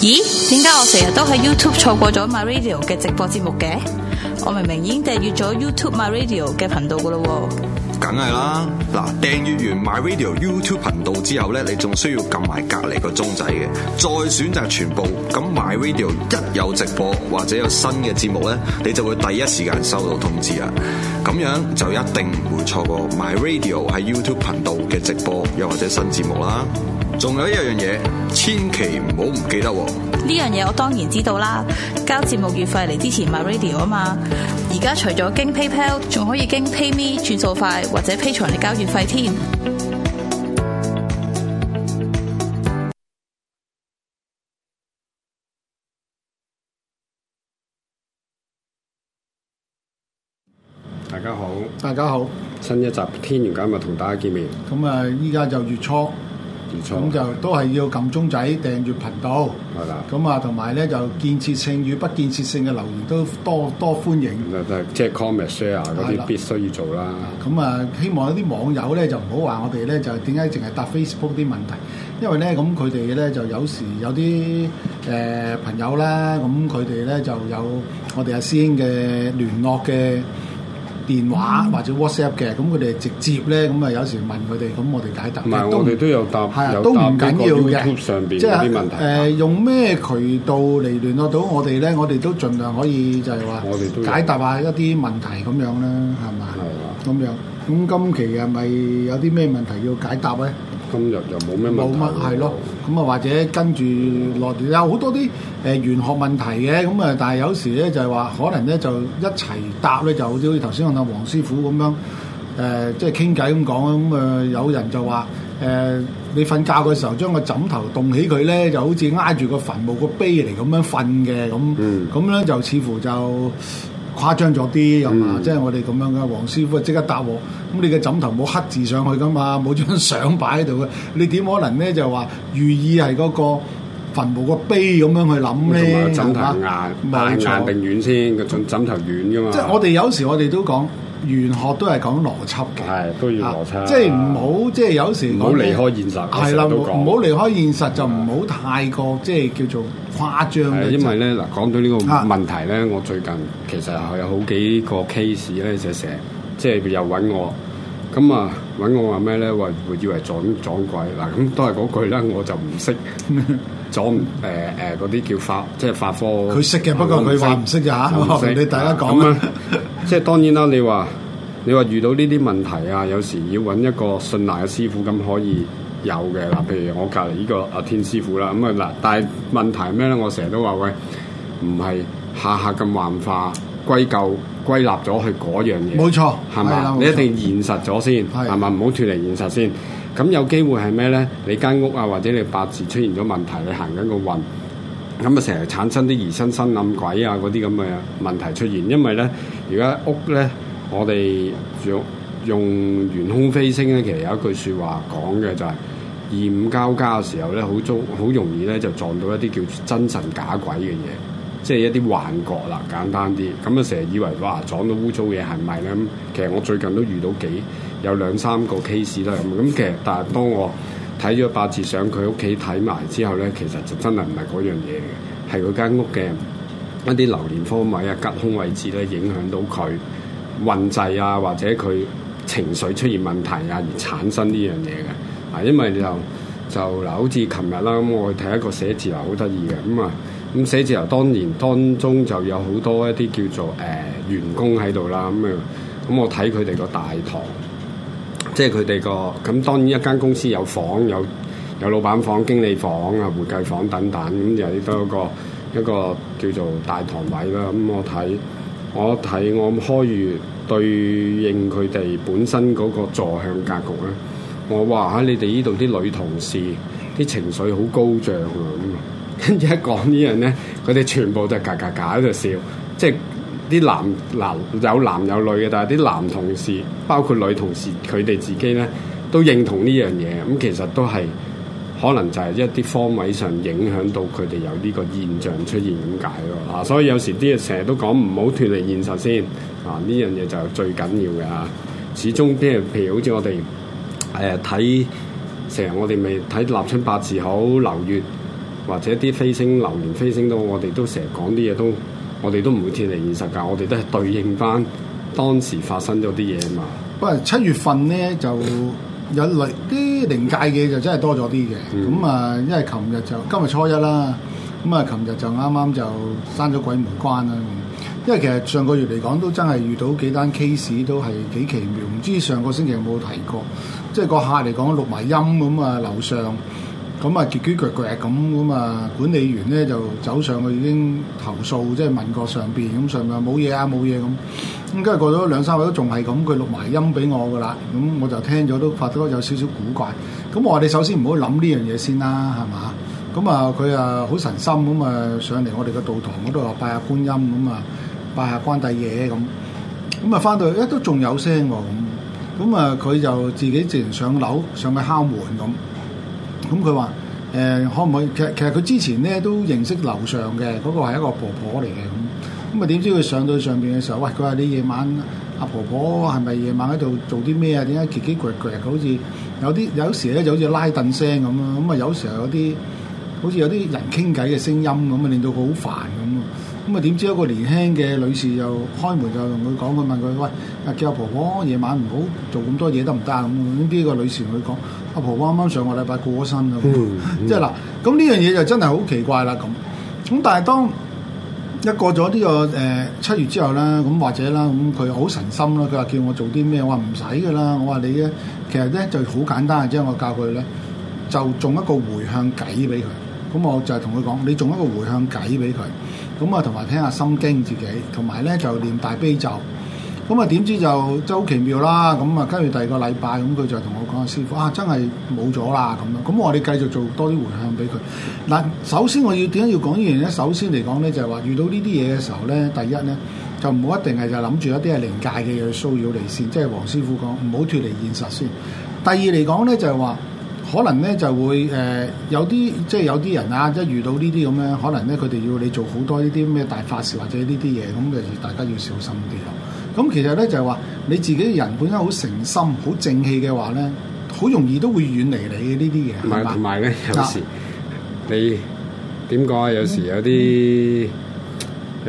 咦？點解我成日都喺 YouTube 錯過咗 My Radio 嘅直播節目嘅？我明明已經訂閱咗 YouTube My Radio 嘅頻道噶咯喎。梗係啦，嗱，訂閱完 My Radio YouTube 頻道之後咧，你仲需要撳埋隔籬個鐘仔嘅，再選擇全部。咁 My Radio 一有直播或者有新嘅節目咧，你就會第一時間收到通知啦！咁樣就一定唔會錯過 My Radio 喺 YouTube 頻道嘅直播又或者新節目啦。仲有一樣嘢，千祈唔好唔記得喎！呢樣嘢我當然知道啦，交節目月費嚟之前 MyRadio 啊嘛。而家除咗經 PayPal，仲可以經 PayMe 轉數快或者 Patreon 嚟交月費添。大家好，大家好，新一集天玄解密同大家見面。咁啊，依家就月初。咁就都係要撳鐘仔訂閱頻道，咁的啊同埋咧就建設性與不建設性嘅留言都多多歡迎。即係、就是、comment share 嗰啲的必須要做啦。咁啊希望有啲網友咧就唔好話我哋咧就點解淨係答 Facebook 啲問題，因為咧咁佢哋咧就有時有啲誒、呃、朋友啦，咁佢哋咧就有我哋阿、啊、師兄嘅聯絡嘅。電話或者 WhatsApp 嘅，咁佢哋直接咧，咁啊有時問佢哋，咁我哋解答。唔係，我哋都有答，有答都唔緊要嘅，即係幾個 YouTube 上邊嗰啲問題。誒，用咩渠道嚟聯絡到我哋咧？我哋都盡量可以就係話解答下一啲問題咁樣啦，係嘛？咁樣。咁今期係咪有啲咩問題要解答咧？今日又冇咩問題，係咯？咁啊，或者跟住落嚟有好多啲誒玄學問題嘅，咁啊，但係有時咧就係話，可能咧就一齊答咧，就好似頭先我阿黃師傅咁樣誒、呃，即係傾偈咁講，咁啊有人就話誒，你瞓覺嘅時候將個枕頭棟起佢咧，就好似挨住個墳墓個碑嚟咁樣瞓嘅，咁咁咧就似乎就誇張咗啲，又話即係我哋咁樣嘅，黃師傅即刻答我。咁你嘅枕頭冇刻字上去噶嘛，冇張相擺喺度嘅，你點可能咧就話寓意係嗰個墳墓個碑咁樣去諗咧？枕頭硬硬硬定軟先？個枕枕頭軟噶嘛？即係、就是、我哋有時我哋都講玄學都係講邏輯嘅，係都要邏輯，即係唔好即係有時唔好離開現實，係啦，唔好離開現實就唔好太過的即係叫做誇張。因為咧嗱，講到呢個問題咧，啊、我最近其實係有好幾個 case 咧，就成日。即係佢又揾我，咁啊揾我話咩咧？話會以為撞撞鬼嗱，咁都係嗰句咧，我就唔識撞唔誒嗰啲叫法，即係法科。佢識嘅，啊、不過佢話唔識㗎吓，唔俾、啊、大家講啊。啊 即係當然啦，你話你話遇到呢啲問題啊，有時要揾一個信賴嘅師傅咁可以有嘅嗱。譬如我隔離呢個阿天師傅啦，咁啊嗱，但係問題係咩咧？我成日都話喂，唔係下下咁幻化歸咎。歸納咗佢嗰樣嘢，冇錯，係咪吧？的你一定現實咗先，係咪的？唔好脱離現實先。咁有機會係咩咧？你間屋啊，或者你八字出現咗問題，你行緊個運，咁啊成日產生啲疑心生暗鬼啊嗰啲咁嘅問題出現。因為咧，而家屋咧，我哋用用玄空飛星咧，其實有一句說話講嘅就係、是、二五交加嘅時候咧，好中好容易咧就撞到一啲叫做真神假鬼嘅嘢。即係一啲幻覺啦，簡單啲咁啊！成日以為哇撞到污糟嘢係咪咧？其實我最近都遇到幾有兩三個 case 啦。咁咁其實但係當我睇咗八字，上佢屋企睇埋之後咧，其實就真係唔係嗰樣嘢，係佢間屋嘅一啲流年方位啊、吉凶位置咧影響到佢運滯啊，或者佢情緒出現問題啊而產生呢樣嘢嘅。係因為就就嗱，好似琴日啦，咁我睇一個寫字樓好得意嘅咁啊。咁寫字樓當年當中就有好多一啲叫做誒、呃、員工喺度啦，咁樣咁我睇佢哋個大堂，即係佢哋個咁當然一間公司有房有有老闆房、經理房啊、會計房等等，咁亦都有個一個叫做大堂位啦。咁我睇我睇我開月對應佢哋本身嗰個坐向格局咧，我話喺你哋呢度啲女同事啲情緒好高漲啊咁～跟住一講呢樣咧，佢哋全部就係嘎嘎嘎喺度笑，即係啲男男有男有女嘅，但係啲男同事包括女同事，佢哋自己咧都認同呢樣嘢，咁其實都係可能就係一啲方位上影響到佢哋有呢個現象出現咁解咯。嗱，所以有時啲嘢成日都講唔好脫離現實先，啊呢樣嘢就最緊要嘅嚇。始終啲嘢，譬如好似我哋誒睇成日，呃、我哋咪睇立春八字好流月。或者啲飛星、流年飛星都，我哋都成日講啲嘢都，我哋都唔會脫離現實㗎，我哋都係對應翻當時發生咗啲嘢嘛。不過七月份咧就有類啲靈界嘅就真係多咗啲嘅。咁啊、嗯，因為琴日就今日初一啦，咁啊琴日就啱啱就閂咗鬼門關啦、嗯。因為其實上個月嚟講都真係遇到幾單 case 都係幾奇妙，唔知上個星期有冇提過？即係個客嚟講錄埋音咁啊，樓上。咁啊，跌跌腳腳咁，咁啊，管理員咧就走上去已經投訴，即係問過上邊，咁上面話冇嘢啊，冇嘢咁。咁跟住過咗兩三日都仲係咁，佢錄埋音俾我噶啦，咁我就聽咗都發覺有少少古怪。咁我話你首先唔好諗呢樣嘢先啦，係嘛？咁啊，佢啊好神心咁啊，上嚟我哋嘅道堂嗰度話拜下觀音咁啊，拜下關帝爺咁。咁啊，翻到去一都仲有聲喎，咁咁啊，佢就自己自然上樓上去敲門咁。咁佢話誒，可唔可以？其實其實佢之前咧都認識樓上嘅，嗰個係一個婆婆嚟嘅咁。咁啊，點知佢上到上邊嘅時候，喂，佢話，你夜晚阿、啊、婆婆係咪夜晚喺度做啲咩啊？點解嘰嘰呱呱好似有啲有時咧就好似拉凳聲咁啊，咁啊有時候有啲好似有啲人傾偈嘅聲音咁啊，令到佢好煩咁。嗯咁啊，點知一個年輕嘅女士就開門就同佢講，佢問佢：喂，叫阿婆婆夜晚唔好做咁多嘢得唔得啊？咁呢個女士佢講：阿婆婆啱啱上個禮拜過咗身咁。即係嗱，咁呢樣嘢就真係好奇怪啦！咁咁，但係當一過咗呢、這個誒、呃、七月之後咧，咁或者啦，咁佢好神心啦，佢話叫我做啲咩？我話唔使噶啦，我話你咧，其實咧就好簡單嘅啫。我教佢咧，就種一個回向偈俾佢。咁我就係同佢講：你種一個回向偈俾佢。咁啊，同埋聽下心經自己，同埋咧就唸大悲咒。咁啊，點知就真係好奇妙啦！咁啊，跟住第二個禮拜，咁佢就同我講，師傅，啊，真係冇咗啦咁樣。咁我哋繼續做多啲回向俾佢。嗱，首先我要點解要講呢樣嘢咧？首先嚟講咧，就係話遇到呢啲嘢嘅時候咧，第一咧就唔好一定係就諗住一啲係靈界嘅嘢去騷擾你先，即係黃師傅講唔好脱離現實先。第二嚟講咧，就係話。可能咧就會誒、呃、有啲即係有啲人啊，一遇到呢啲咁樣，可能咧佢哋要你做好多呢啲咩大法事或者呢啲嘢，咁就大家要小心啲咯。咁其實咧就係話你自己人本身好誠心、好正氣嘅話咧，好容易都會遠離你呢啲嘢，係嘛？同埋咧，有時你點講啊？有時有啲。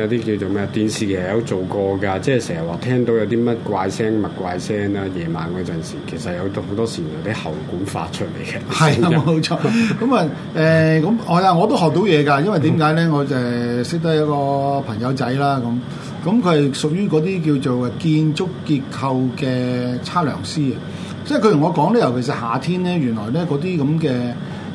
有啲叫做咩電視劇有做過㗎，即係成日話聽到有啲乜怪聲、乜怪聲啦，夜晚嗰陣時，其實有好多時啲喉管發出嚟嘅，係啊，冇錯。咁啊誒，咁係啊，我都學到嘢㗎，因為點解咧？嗯、我就識得一個朋友仔啦，咁咁佢係屬於嗰啲叫做建築結構嘅測量師啊，即係佢同我講咧，尤其是夏天咧，原來咧嗰啲咁嘅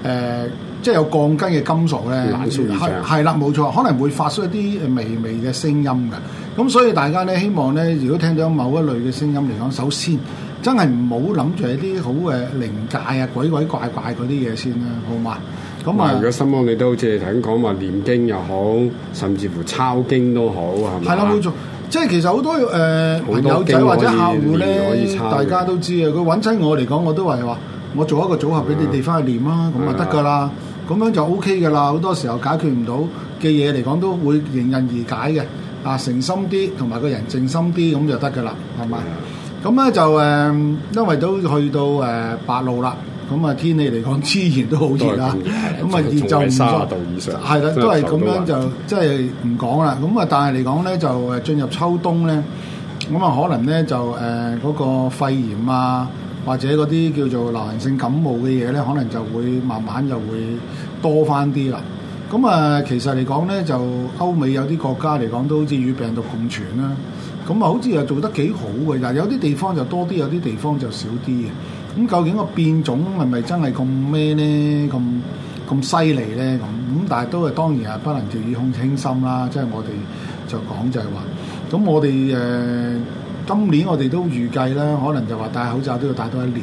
誒。即係有鋼筋嘅金屬咧，攔住係啦，冇、啊、錯，可能會發出一啲微微嘅聲音嘅。咁所以大家咧，希望咧，如果聽到某一類嘅聲音嚟講，首先真係唔好諗住一啲好誒靈界啊、鬼鬼怪怪嗰啲嘢先啦、啊，好嘛？咁啊，如果心安你都好似頭先講話念經又好，甚至乎抄經都好，係咪？係啦、啊，冇錯。即係其實好多誒朋友仔或者客戶咧，大家都知啊。佢揾親我嚟講，我都話話我做一個組合俾你哋翻去念啊，咁的啊得㗎啦。咁樣就 O K 嘅啦，好多時候解決唔到嘅嘢嚟講都會迎刃而解嘅。啊，誠心啲，同埋個人靜心啲，咁就得嘅啦，係咪？咁咧的就誒、嗯，因為都去到誒八度啦，咁、呃、啊天氣嚟講自然都好熱啊，咁啊熱就五度以上，係啦，都係咁樣就即係唔講啦。咁、嗯、啊，但係嚟講咧就誒進入秋冬咧，咁啊可能咧就誒嗰、呃那個肺炎啊。或者嗰啲叫做流行性感冒嘅嘢咧，可能就會慢慢就會多翻啲啦。咁、嗯、啊，其實嚟講咧，就歐美有啲國家嚟講，都好似與病毒共存啦。咁、嗯、啊，好似又做得幾好嘅，但係有啲地方就多啲，有啲地方就少啲嘅。咁、嗯、究竟個變種係咪真係咁咩咧？咁咁犀利咧？咁咁、嗯，但係都係當然係不能掉以輕心啦。即係我哋就講就係、是、話，咁、嗯、我哋誒。呃今年我哋都預計啦，可能就話戴口罩都要戴多一年。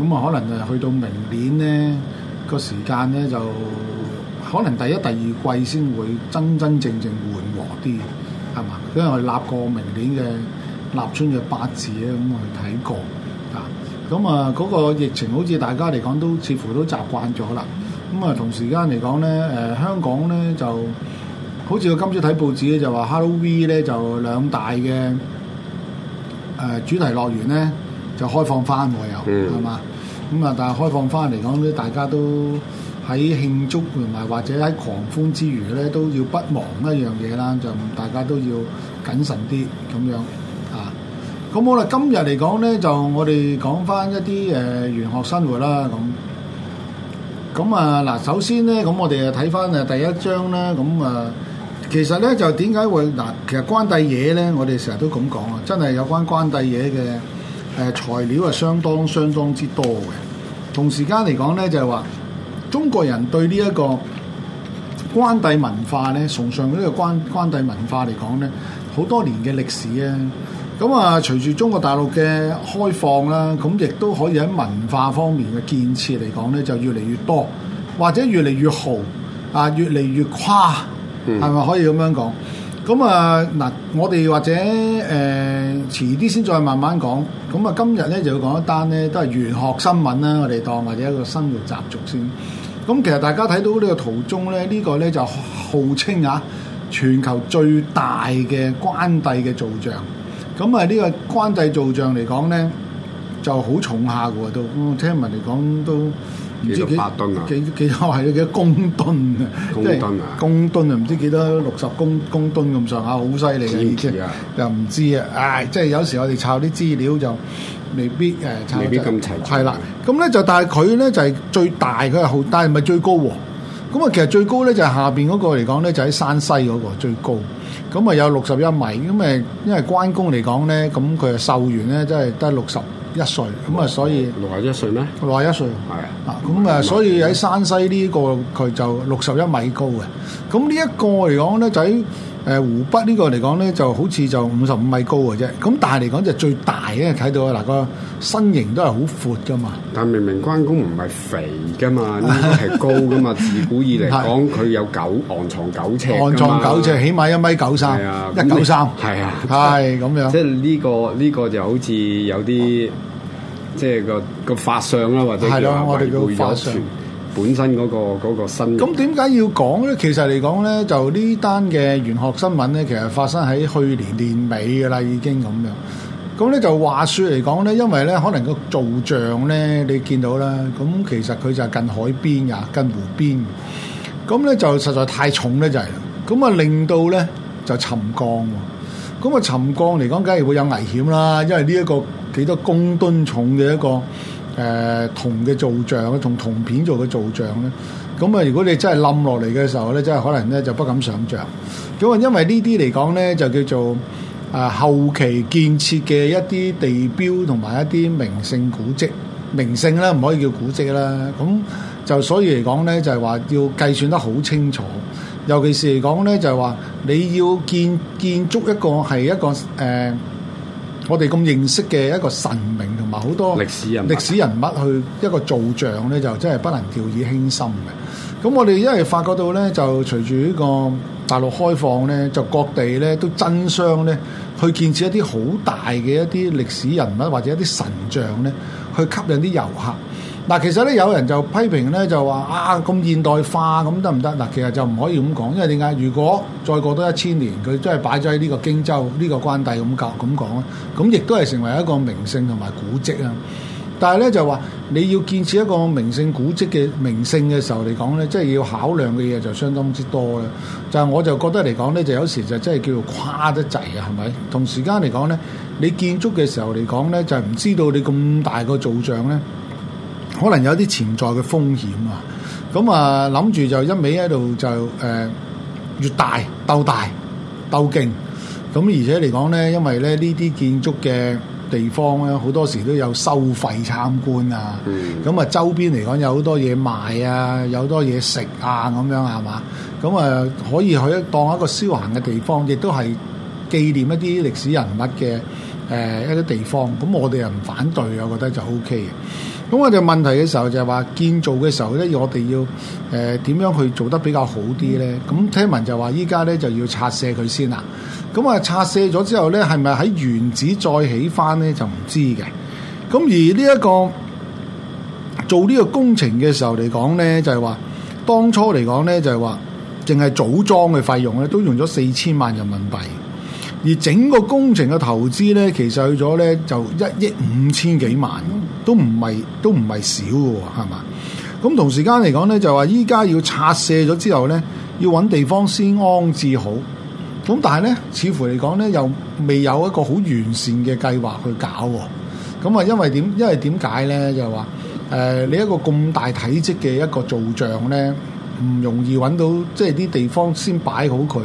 咁啊，可能就去到明年咧個時間咧，就可能第一、第二季先會真真正正緩和啲，係嘛？因為我立過明年嘅立春嘅八字咧，咁我係睇過。啊，咁啊嗰個疫情好似大家嚟講都似乎都習慣咗啦。咁啊，同時間嚟講咧，誒、呃、香港咧就好似我今朝睇報紙咧，就話 Hello V 咧就兩大嘅。誒，主題樂園咧就開放翻喎又，係嘛，嗯？咁啊，但係開放翻嚟講咧，大家都喺慶祝同埋或者喺狂歡之餘咧，都要不忘一樣嘢啦，就大家都要謹慎啲咁樣啊。咁好啦，今日嚟講咧，就我哋講翻一啲誒玄學生活啦，咁。咁啊嗱，首先咧，咁我哋啊睇翻啊第一章啦，咁啊。其實咧就點解會嗱？其實關帝嘢咧，我哋成日都咁講啊，真係有關關帝嘢嘅誒材料係相當相當之多嘅。同時間嚟講咧，就係話中國人對呢一個關帝文化咧，崇尚呢個關關帝文化嚟講咧，好多年嘅歷史啊。咁啊，隨住中國大陸嘅開放啦，咁啊，亦都可以喺文化方面嘅建設嚟講咧，就越嚟越多，或者越嚟越豪啊，越嚟越誇。係咪、嗯、可以咁樣講？咁啊嗱，我哋或者誒、呃、遲啲先再慢慢講。咁啊，今日咧就要講一單咧，都係玄學新聞啦。我哋當或者一個生活習俗先。咁其實大家睇到呢個圖中咧，呢個、呢個咧就號稱啊全球最大嘅關帝嘅造像。咁啊，呢、呢個關帝造像嚟講咧，就好重下喎都。聽聞嚟講都。唔知幾多百噸啊？幾幾多係啊？幾多公噸啊？即公噸啊？公噸啊？唔知幾多六十公公噸咁上下，好犀利嘅，又唔知啊！唉、啊哎，即係有時我哋抄啲資料就未必誒，呃、未必咁齊。係啦，咁咧就但係佢咧就係、是、最大，佢係好，但係唔係最高、啊。咁、嗯、啊，其實最高咧就係下邊嗰個嚟講咧，就喺、是就是、山西嗰、那個最高。咁啊有六十一米。咁誒，因為關公嚟講咧，咁佢啊壽元咧，真係得六十。一歲，咁啊麼，所以六十一歲咩？六十一歲，係的啊，咁啊麼，麼所以喺山西呢、這個佢就六十一米高嘅，咁呢一個嚟講咧就。誒湖北呢個嚟講咧，就好似就五十五米高嘅啫。咁但係嚟講就最大咧，睇到嗱個身形都係好闊噶嘛。但明明關公唔係肥噶嘛，呢 個係高噶嘛。自古以嚟講，佢 有九昂藏九尺。昂藏九尺，起碼一米九三。係啊，九三 19 3,。係啊。係咁、啊、樣。即係呢、這個呢、這個就好似有啲，即係個個法相啦、啊，或者叫話文武相。本身嗰個、嗰個新，咁點解要講咧？其實嚟講咧，就呢單嘅玄學新聞咧，其實發生喺去年年尾㗎啦，已經咁樣。咁咧就話説嚟講咧，因為咧可能個造像咧，你見到啦，咁其實佢就係近海邊㗎，近湖邊。咁咧就實在太重咧、就係，就係啦。咁啊令到咧就沉降，咁啊沉降嚟講，梗係會有危險啦。因為呢一個幾多公噸重嘅一個。誒銅嘅造像咧，同銅片做嘅造像咧，咁、嗯、啊，如果你真係冧落嚟嘅時候咧，真係可能咧就不敢想像。咁啊，因為呢啲嚟講咧，就叫做誒、呃、後期建設嘅一啲地標同埋一啲名勝古蹟，名勝啦唔可以叫古蹟啦。咁、嗯、就所以嚟講咧，就係、是、話要計算得好清楚，尤其是嚟講咧，就係、是、話你要建建築一個係一個誒。呃我哋咁認識嘅一個神明同埋好多歷史人物、歷史人物去一個造像呢，就真係不能掉以輕心嘅。咁我哋因為發覺到呢，就隨住呢個大陸開放呢，就各地呢都爭相呢，去建設一啲好大嘅一啲歷史人物或者一啲神像呢，去吸引啲遊客。嗱，其實咧有人就批評咧，就話啊咁現代化咁得唔得？嗱，其實就唔可以咁講，因為點解？如果再過多一千年，佢真係擺咗喺呢個荊州呢個關帝咁搞。咁講咧，咁亦都係成為一個名勝同埋古蹟啊。但係咧就話你要建設一個名勝古蹟嘅名勝嘅時候嚟講咧，即係要考量嘅嘢就相當之多啦。就係我就覺得嚟講咧，就有時就真係叫做誇得滯啊，係咪？同時間嚟講咧，你建築嘅時候嚟講咧，就係唔知道你咁大個造像咧。可能有啲潛在嘅風險啊，咁啊諗住就一味喺度就誒、呃、越大鬥大鬥勁，咁而且嚟講咧，因為咧呢啲建築嘅地方咧，好多時都有收費參觀、嗯、啊，咁啊周邊嚟講有好多嘢賣啊，有好多嘢食啊，咁樣係嘛？咁啊可以去當一個消閒嘅地方，亦都係紀念一啲歷史人物嘅誒、呃、一啲地方。咁我哋又唔反對，我覺得就 O K 嘅。咁我哋問題嘅時候就係話建造嘅時候咧，我哋要誒點樣去做得比較好啲咧？咁聽聞就話依家咧就要拆卸佢先啦。咁啊拆卸咗之後咧，係咪喺原址再起翻咧就唔知嘅。咁而呢一個做呢個工程嘅時候嚟講咧，就係話當初嚟講咧就係話，淨係組裝嘅費用咧都用咗四千萬人民幣，而整個工程嘅投資咧其實去咗咧就一億五千幾萬。都唔係都唔係少嘅喎，係嘛？咁同時間嚟講咧，就話依家要拆卸咗之後咧，要揾地方先安置好。咁但係咧，似乎嚟講咧，又未有一個好完善嘅計劃去搞。咁啊，因為點？因為點解咧？就係話、是、誒、呃，你一個咁大體積嘅一個造像咧，唔容易揾到，即係啲地方先擺好佢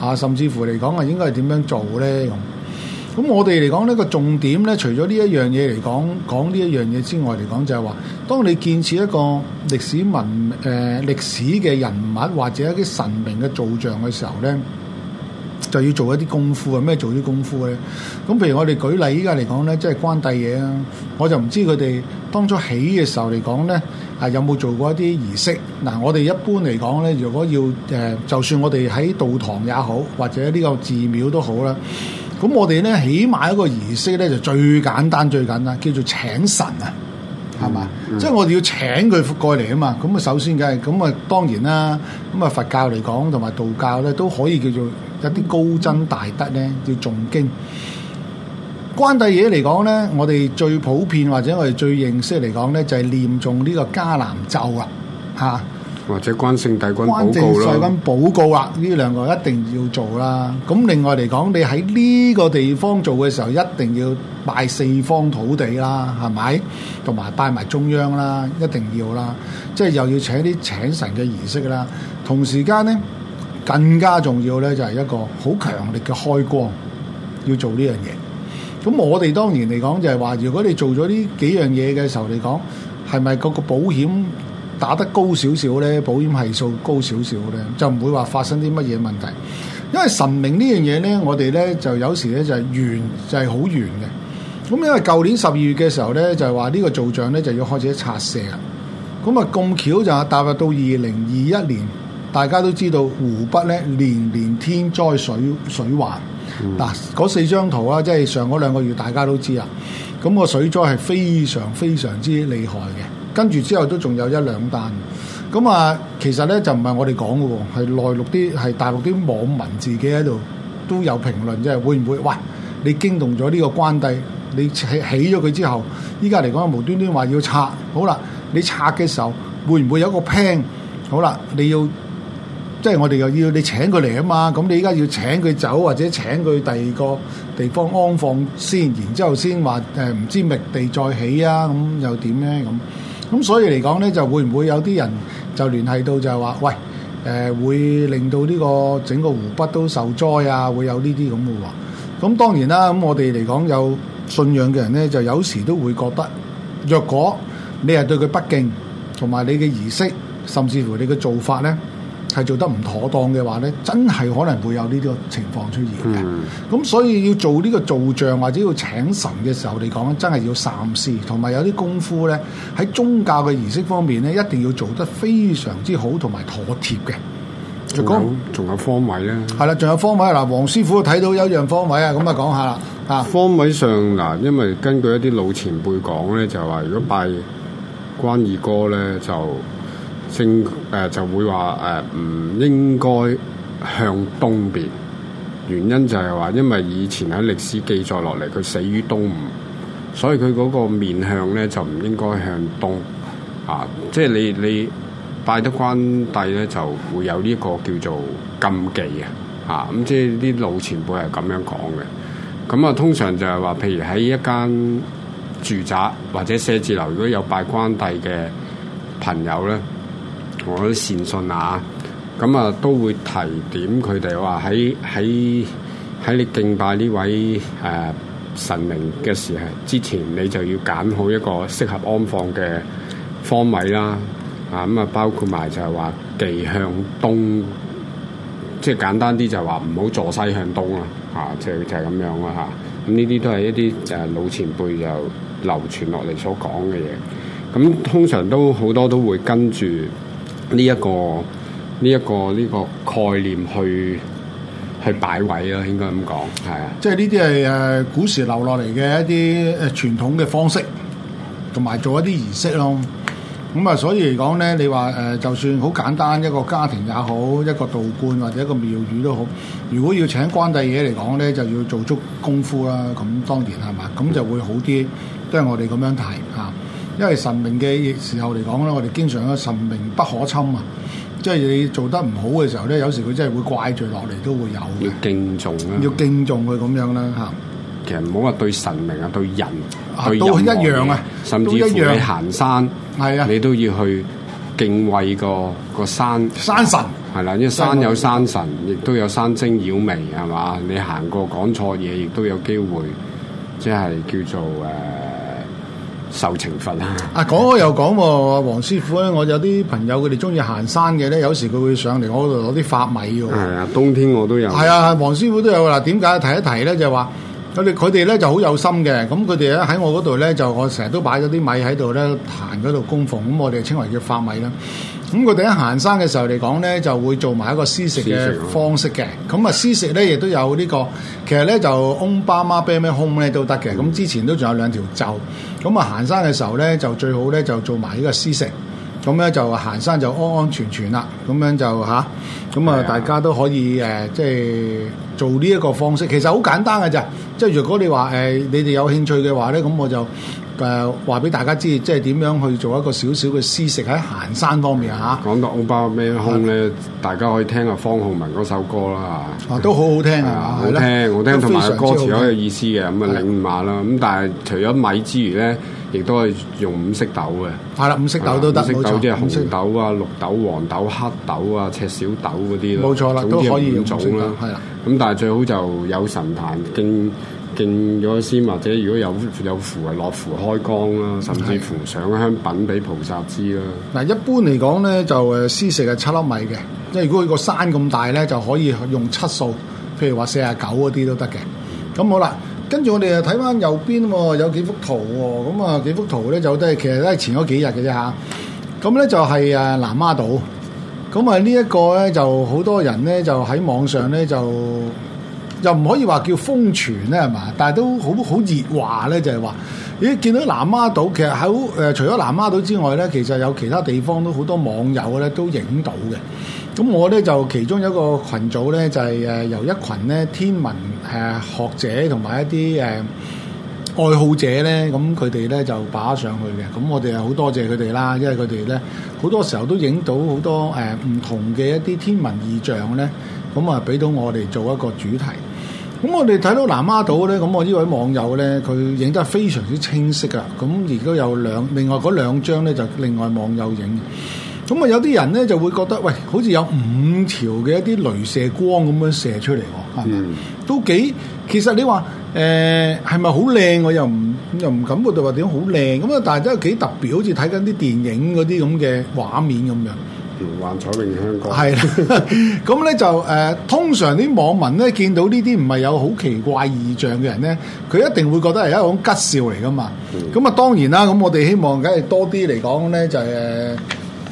啊。甚至乎嚟講啊，應該係點樣做咧？咁我哋嚟講呢個重點咧，除咗呢一樣嘢嚟講講呢一樣嘢之外，嚟講就係話，當你建設一個歷史文誒、呃、歷史嘅人物或者一啲神明嘅造像嘅時候咧，就要做一啲功夫啊！咩做啲功夫咧？咁譬如我哋舉例依家嚟講咧，即係、就是、關帝爺啊，啊！我就唔知佢哋當初起嘅時候嚟講咧，係有冇做過一啲儀式嗱？我哋一般嚟講咧，如果要誒、呃，就算我哋喺道堂也好，或者呢個寺廟都好啦。咁我哋咧，起碼一個儀式咧，就最簡單、最簡單，叫做請神啊，係嘛？嗯嗯、即係我哋要請佢過嚟啊嘛。咁啊，首先嘅，咁啊，當然啦。咁啊，佛教嚟講同埋道教咧，都可以叫做一啲高僧大德咧，叫誦經。關帝爺嚟講咧，我哋最普遍或者我哋最認識嚟講咧，就係、是、念誦呢個迦南咒啊，嚇！或者關聖帝君報告啦，軍寶告啦，呢兩個一定要做啦。咁另外嚟講，你喺呢個地方做嘅時候，一定要拜四方土地啦，係咪？同埋拜埋中央啦，一定要啦。即係又要請啲請神嘅儀式啦。同時間咧，更加重要咧就係一個好強力嘅開光，要做呢樣嘢。咁我哋當年嚟講就係話，如果你做咗呢幾樣嘢嘅時候嚟講，係咪嗰個保險？打得高少少咧，保險係數高少少咧，就唔會話發生啲乜嘢問題。因為神明呢樣嘢咧，我哋咧就有時咧就係緣，就係好緣嘅。咁因為舊年十二月嘅時候咧，就係話呢個造像咧就要開始拆卸啦。咁啊咁巧就踏入到二零二一年，大家都知道湖北咧連年天災水水患。嗱、嗯，嗰四張圖啊，即係上嗰兩個月大家都知啊。咁、那個水災係非常非常之厲害嘅。跟住之後都仲有一兩單，咁啊，其實咧就唔係我哋講嘅喎，係內陸啲係大陸啲網民自己喺度都有評論，即係，會唔會？喂，你驚動咗呢個關帝，你起起咗佢之後，依家嚟講無端端話要拆，好啦，你拆嘅時候會唔會有個 plan？好啦，你要即係我哋又要你請佢嚟啊嘛，咁你依家要請佢走或者請佢第二個地方安放先，然之後先話誒唔知覓地再起啊，咁又點咧咁？咁所以嚟講呢，就會唔會有啲人就聯繫到就係話：喂，誒、呃、會令到呢個整個湖北都受災啊，會有呢啲咁嘅話。咁當然啦，咁我哋嚟講，有信仰嘅人呢，就有時都會覺得，若果你係對佢不敬，同埋你嘅儀式，甚至乎你嘅做法呢，係做得唔妥當嘅話咧，真係可能會有呢啲情況出現咁、嗯、所以要做呢個造像或者要請神嘅時候，你講真係要三思，同埋有啲功夫咧，喺宗教嘅儀式方面咧，一定要做得非常之好同埋妥帖嘅。仲有仲說有，有方位咧，係啦，仲有方位嗱，黃師傅睇到有一樣方位啊，咁啊講下啦啊。方位上嗱，因為根據一啲老前輩講咧，就話如果拜關二哥咧，就升。誒、呃、就會話誒唔應該向東邊，原因就係話因為以前喺歷史記載落嚟，佢死於東吳，所以佢嗰個面向咧就唔應該向東。啊，即係你你拜得關帝咧，就會有呢個叫做禁忌啊。嚇，咁即係啲老前輩係咁樣講嘅。咁啊，通常就係話，譬如喺一間住宅或者寫字樓，如果有拜關帝嘅朋友咧。我啲善信啊，咁啊都會提點佢哋話喺喺喺你敬拜呢位誒、呃、神明嘅時候之前，你就要揀好一個適合安放嘅方位啦。啊，咁啊包括埋就係話忌向東，即係簡單啲就係話唔好坐西向東啊，就係就係、樣啊。啊，就就係咁樣啦嚇。咁呢啲都係一啲就係老前輩就流傳落嚟所講嘅嘢。咁、啊、通常都好多都會跟住。呢一、這個呢一、這個呢、這個概念去去擺位咯，應該咁講，係啊。即係呢啲係誒古時留落嚟嘅一啲誒傳統嘅方式，同埋做一啲儀式咯。咁、嗯、啊，所以嚟講咧，你話誒、呃，就算好簡單一個家庭也好，一個道觀或者一個廟宇都好，如果要請關帝爺嚟講咧，就要做足功夫啦、啊。咁當然係嘛，咁就會好啲。都係我哋咁樣睇啊。因為神明嘅時候嚟講咧，我哋經常有神明不可侵啊，即係你做得唔好嘅時候咧，有時佢真係會怪罪落嚟，都會有嘅。要敬重啊！要敬重佢咁樣啦，吓。其實唔好話對神明啊，對人，啊、對都一樣啊，甚至乎都一樣。你行山，係啊，你都要去敬畏個個山山神，係啦，因為山有山神，亦的都有山精妖魅，係嘛。你行過講錯嘢，亦都有機會，即係叫做誒。受懲罰啦！啊，講開又講喎，黃師傅咧，我有啲朋友佢哋中意行山嘅咧，有時佢會上嚟我度攞啲發米㗎。係啊，冬天我都有。係啊，黃師傅都有嗱。點解提一提咧？就係話，咁你佢哋咧就好有心嘅。咁佢哋咧喺我嗰度咧，就我成日都擺咗啲米喺度咧，壇嗰度供奉。咁我哋稱為叫發米啦。咁佢哋喺行山嘅時候嚟講咧，就會做埋一個施食嘅方式嘅。咁啊食，施食咧亦都有呢、這個，其實咧就 ombamabm 空咧都得嘅。咁、嗯、之前都仲有兩條咒。咁啊，行山嘅時候咧，就最好咧就做埋呢個施食。咁咧就行山就安安全全啦。咁樣就吓。咁啊大家都可以誒的、呃，即係做呢一個方式。其實好簡單嘅咋。即係如果你話誒、呃，你哋有興趣嘅話咧，咁我就。誒話俾大家知，即係點樣去做一個少少嘅施食喺行山方面嚇。講到歐包咩空咧，大家可以聽下方浩文嗰首歌啦嚇。啊，都好好聽。我聽，我聽，同埋個歌詞好有意思嘅，咁啊領悟啦。咁但係除咗米之餘咧，亦都可以用五色豆嘅。係啦，五色豆都得。五色豆即係紅豆啊、綠豆、黃豆、黑豆啊、赤小豆嗰啲咯。冇錯啦，都可以用五種啦。係啊。咁但係最好就有神壇經敬咗先，或者如果有有符啊，落符開光啦，甚至乎上香品俾菩薩知啦。嗱，一般嚟講咧，就誒施食係七粒米嘅，即係如果佢個山咁大咧，就可以用七數，譬如話四十九嗰啲都得嘅。咁好啦，跟住我哋啊睇翻右邊喎，有幾幅圖喎，咁啊幾幅圖咧就都係其實都係前嗰幾日嘅啫吓，咁咧就係誒南丫島，咁啊呢一個咧就好多人咧就喺網上咧就。就唔可以話叫瘋傳咧，係嘛？但係都好好熱話咧，就係話咦，你見到南丫島，其實喺誒除咗南丫島之外咧，其實有其他地方都好多網友咧都影到嘅。咁我咧就其中有一個群組咧，就係、是、誒由一群咧天文誒、呃、學者同埋一啲誒、呃、愛好者咧，咁佢哋咧就擺上去嘅。咁我哋係好多謝佢哋啦，因為佢哋咧好多時候都影到好多誒唔、呃、同嘅一啲天文異象咧，咁啊俾到我哋做一個主題。咁我哋睇到南丫島咧，咁我呢位網友咧，佢影得非常之清晰噶。咁而都有兩另外嗰兩張咧，就另外網友影。咁啊，有啲人咧就會覺得，喂，好似有五條嘅一啲雷射光咁樣射出嚟，嗯、都幾。其實你話誒係咪好靚？我、呃、又唔又唔感覺到話點好靚咁啊！但係真係幾特別，好似睇緊啲電影嗰啲咁嘅畫面咁樣。幻彩詠香港係啦，咁咧是的 就誒、呃，通常啲網民咧見到呢啲唔係有好奇怪異象嘅人咧，佢一定會覺得係一種吉兆嚟㗎嘛。咁啊、嗯，當然啦，咁我哋希望梗係多啲嚟講咧，就係、是呃、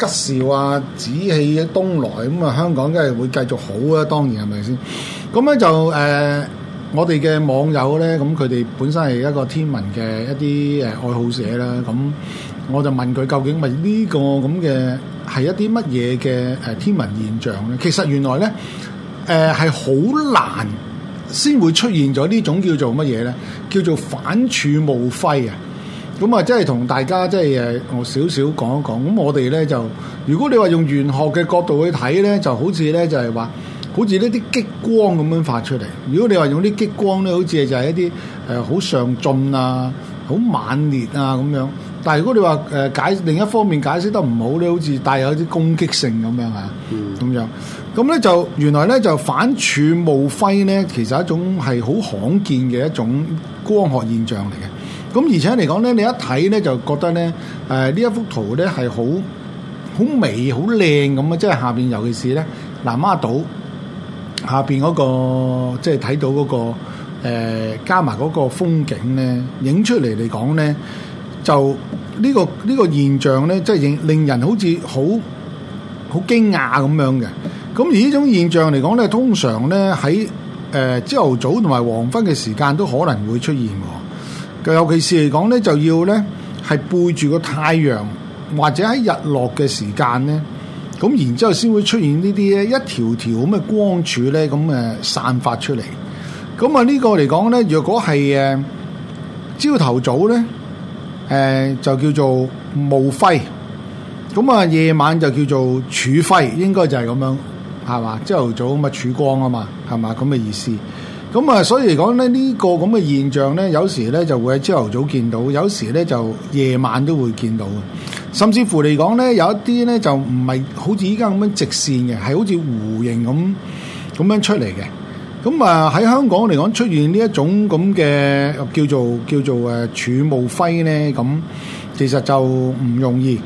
吉兆啊，紫氣東來咁啊，香港梗係會繼續好啊。當然係咪先？咁咧就誒、呃，我哋嘅網友咧，咁佢哋本身係一個天文嘅一啲誒愛好者啦。咁我就問佢究竟咪呢個咁嘅？係一啲乜嘢嘅誒天文現象咧？其實原來咧，誒係好難先會出現咗呢種叫做乜嘢咧？叫做反處無輝啊！咁、嗯、啊，即係同大家即係我少少講一講。咁、嗯、我哋咧就，如果你話用玄學嘅角度去睇咧，就好似咧就係話，好似呢啲激光咁樣發出嚟。如果你話用啲激光咧，好似就係一啲誒好上進啊、好猛烈啊咁樣。但係如果你話誒解另一方面解釋得唔好咧，好似帶有啲攻擊性咁樣啊，咁、嗯、樣咁咧就原來咧就反柱霧輝咧，其實一種係好罕見嘅一種光學現象嚟嘅。咁而且嚟講咧，你一睇咧就覺得咧誒呢一、呃、幅圖咧係好好美、好靚咁啊！即係下邊，尤其是咧南丫島下邊嗰、那個，即係睇到嗰、那個、呃、加埋嗰個風景咧，影出嚟嚟講咧。就呢個呢個現象咧，即係令令人好似好好驚訝咁樣嘅。咁而呢種現象嚟講咧，通常咧喺誒朝頭早同埋黃昏嘅時間都可能會出現。尤其是嚟講咧，就要咧係背住個太陽或者喺日落嘅時間咧，咁然之後先會出現呢啲咧一條條咁嘅光柱咧，咁誒散發出嚟。咁啊呢個嚟講咧，若果係誒朝頭早咧。誒、呃，就叫做霧輝，咁啊夜晚就叫做曙輝，應該就係咁樣，係嘛？朝頭早咁啊曙光啊嘛，係嘛咁嘅意思。咁啊，所以嚟講咧，呢個咁嘅現象咧，有時咧就會喺朝頭早見到，有時咧就夜晚都會見到，甚至乎嚟講咧，有一啲咧就唔係好似依家咁樣直線嘅，係好似弧形咁咁樣出嚟嘅。咁啊，喺香港嚟講，出現呢一種咁嘅叫做叫做誒曙暮輝咧，咁其實就唔容易。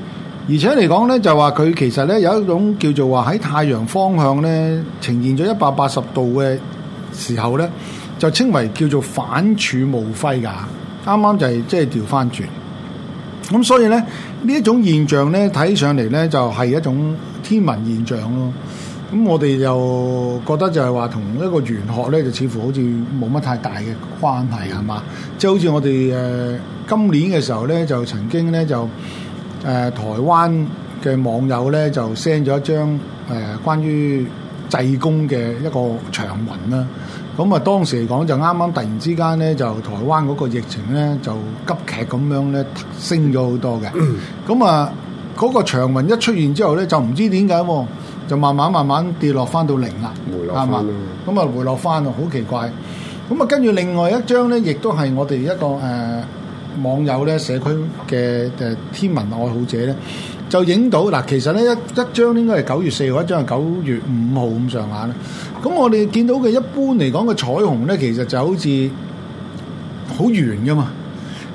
而且嚟講咧，就話佢其實咧有一種叫做話喺太陽方向咧呈現咗一百八十度嘅時候咧，就稱為叫做反曙暮輝㗎。啱啱就係即係調翻轉。咁、嗯、所以咧，呢一種現象咧，睇上嚟咧就係、是、一種天文現象咯。咁、嗯、我哋又覺得就係話同一個玄學咧，就似乎好似冇乜太大嘅關係係嘛？即係好似我哋誒、呃、今年嘅時候咧，就曾經咧就誒、呃、台灣嘅網友咧就 send 咗一張誒、呃、關於濟公嘅一個長文啦。咁啊，當時嚟講就啱啱突然之間咧，就台灣嗰個疫情咧就急劇咁樣咧升咗好多嘅。咁、 嗯、啊，嗰、那個長文一出現之後咧，就唔知點解喎。就慢慢慢慢跌落翻到零啦，回落翻咯，咁啊係咪？回落翻咯，好奇怪！咁啊跟住另外一張咧，亦都係我哋一個誒、呃、網友咧，社區嘅誒天文愛好者咧，就影到嗱，其實咧一一張應該係九月四號，一張係九月五號咁上下啦。咁我哋見到嘅一般嚟講嘅彩虹咧，其實就好似好圓噶嘛。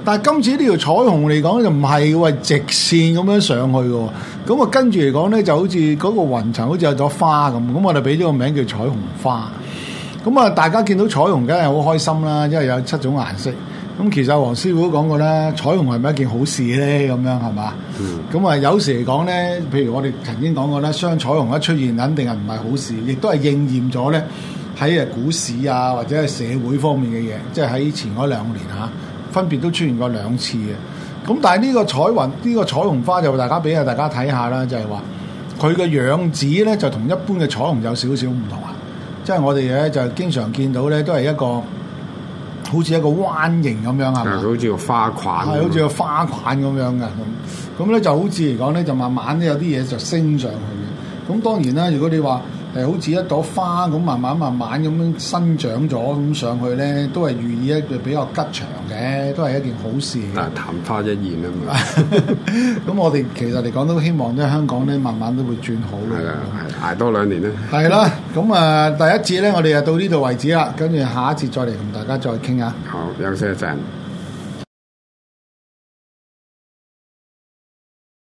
但係今次呢條彩虹嚟講就唔係喂直線咁樣上去嘅，咁啊跟住嚟講咧就好似嗰個雲層好似有朵花咁，咁我哋俾咗個名叫彩虹花。咁啊大家見到彩虹梗係好開心啦，因為有七種顏色。咁其實黃師傅都講過咧，彩虹係咪一件好事咧？咁樣係嘛？咁啊、嗯、有時嚟講咧，譬如我哋曾經講過咧，雙彩虹一出現肯定係唔係好事，亦都係應驗咗咧喺啊股市啊或者係社會方面嘅嘢，即係喺前嗰兩年嚇。分別都出現過兩次嘅，咁但係呢個彩雲，呢個彩虹花就大家俾啊大家睇下啦，就係話佢嘅樣子咧就同一般嘅彩虹有少少唔同啊，即係我哋咧就經常見到咧都係一個好似一個彎形咁樣係嘛，好似個花款，係好似個花款咁樣嘅，咁咧就好似嚟講咧就慢慢咧有啲嘢就升上去嘅，咁當然啦，如果你話。誒好似一朵花咁，慢慢慢慢咁樣生長咗咁上去咧，都係寓意一個比較吉祥嘅，都係一件好事。但係曇花一現啊嘛，咁 我哋其實嚟講都希望咧，香港咧慢慢都會轉好。係啊，捱多兩年咧。係啦，咁啊，第一節咧，我哋就到呢度為止啦，跟住下一節再嚟同大家再傾下。好，休息一陣。